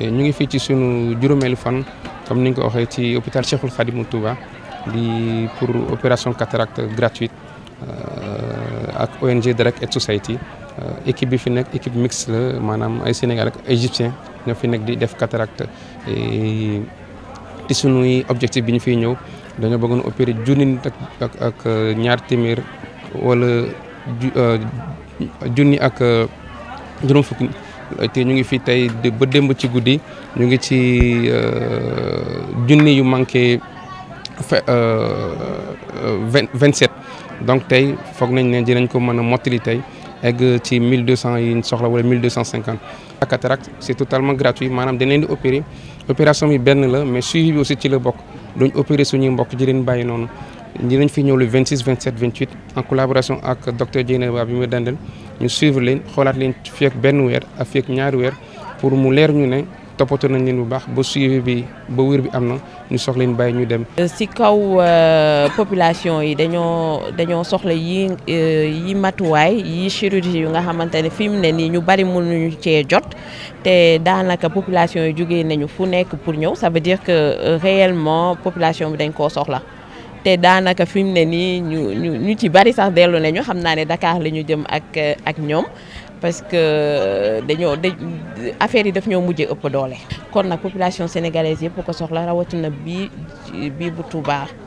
ñu ngi fii ci sunu juróomeelu fan comme ni ñu ko waxee ci hôpital Cheikhul mu Touba bi pour opération cataracte gratuite euh, ak ONG Direct Aid Society euh, équipe bi fi nekk équipe mixte la maanaam ay Sénégal ak égyptien ñoo fi nekk di def cataracte ci sunuy objectif bi ñu fiy ñëw dañoo bëggoon opérer junni nit ak ak ñaar téeméer wala euh, junni ak juróom fukki te ñu ngi fi tey ba démb ci guddi ñu ngi ci euh, junni yu manqué euh, euh, vingt sept donc tey foog nañ ne dinañ ko mën a mottali tey egg ci mille deux cent yi soxla wala mille deux cent cinquante. la cataracte c'est totalement gratuit maanaam dañ leen di opérer opération bi benn la mais suivi bi aussi ci la bokk duñ opérer suñuy mbokk ji leen bàyyi noonu. nañ fi ñëw le 26 27 28 en collaboration ak docteur Dieynaba bi mu dandal ñu suivre leen xoolaat leen fii benn weer ak fii ñaari weer pour mu leer ñu ne toppatoo nañ leen bu baax ba suivi bi ba wér bi am na ñu soxla leen ñu dem. ci kaw euh, population yi dañoo dañoo soxla yi euh, yi matuwaay yi chirurgie yu nga xamante ne fi mu ne nii ñu bari mënuñu cee jot te daanaka population yi jógee nañu fu nekk pour ñëw ça veut dire que euh, réellement population bi dañ koo soxla. te daanaka fi mu ne nii ñu ñu ñu ci bari sax dellu nañu xam naa ne dakaar la ñu jëm ak ak ñoom parce que dañoo da affaire yi daf ñoo mujje ëpp doole. kon nag population sénégalaise yëpp ko soxla rawatina bii bii bu Touba.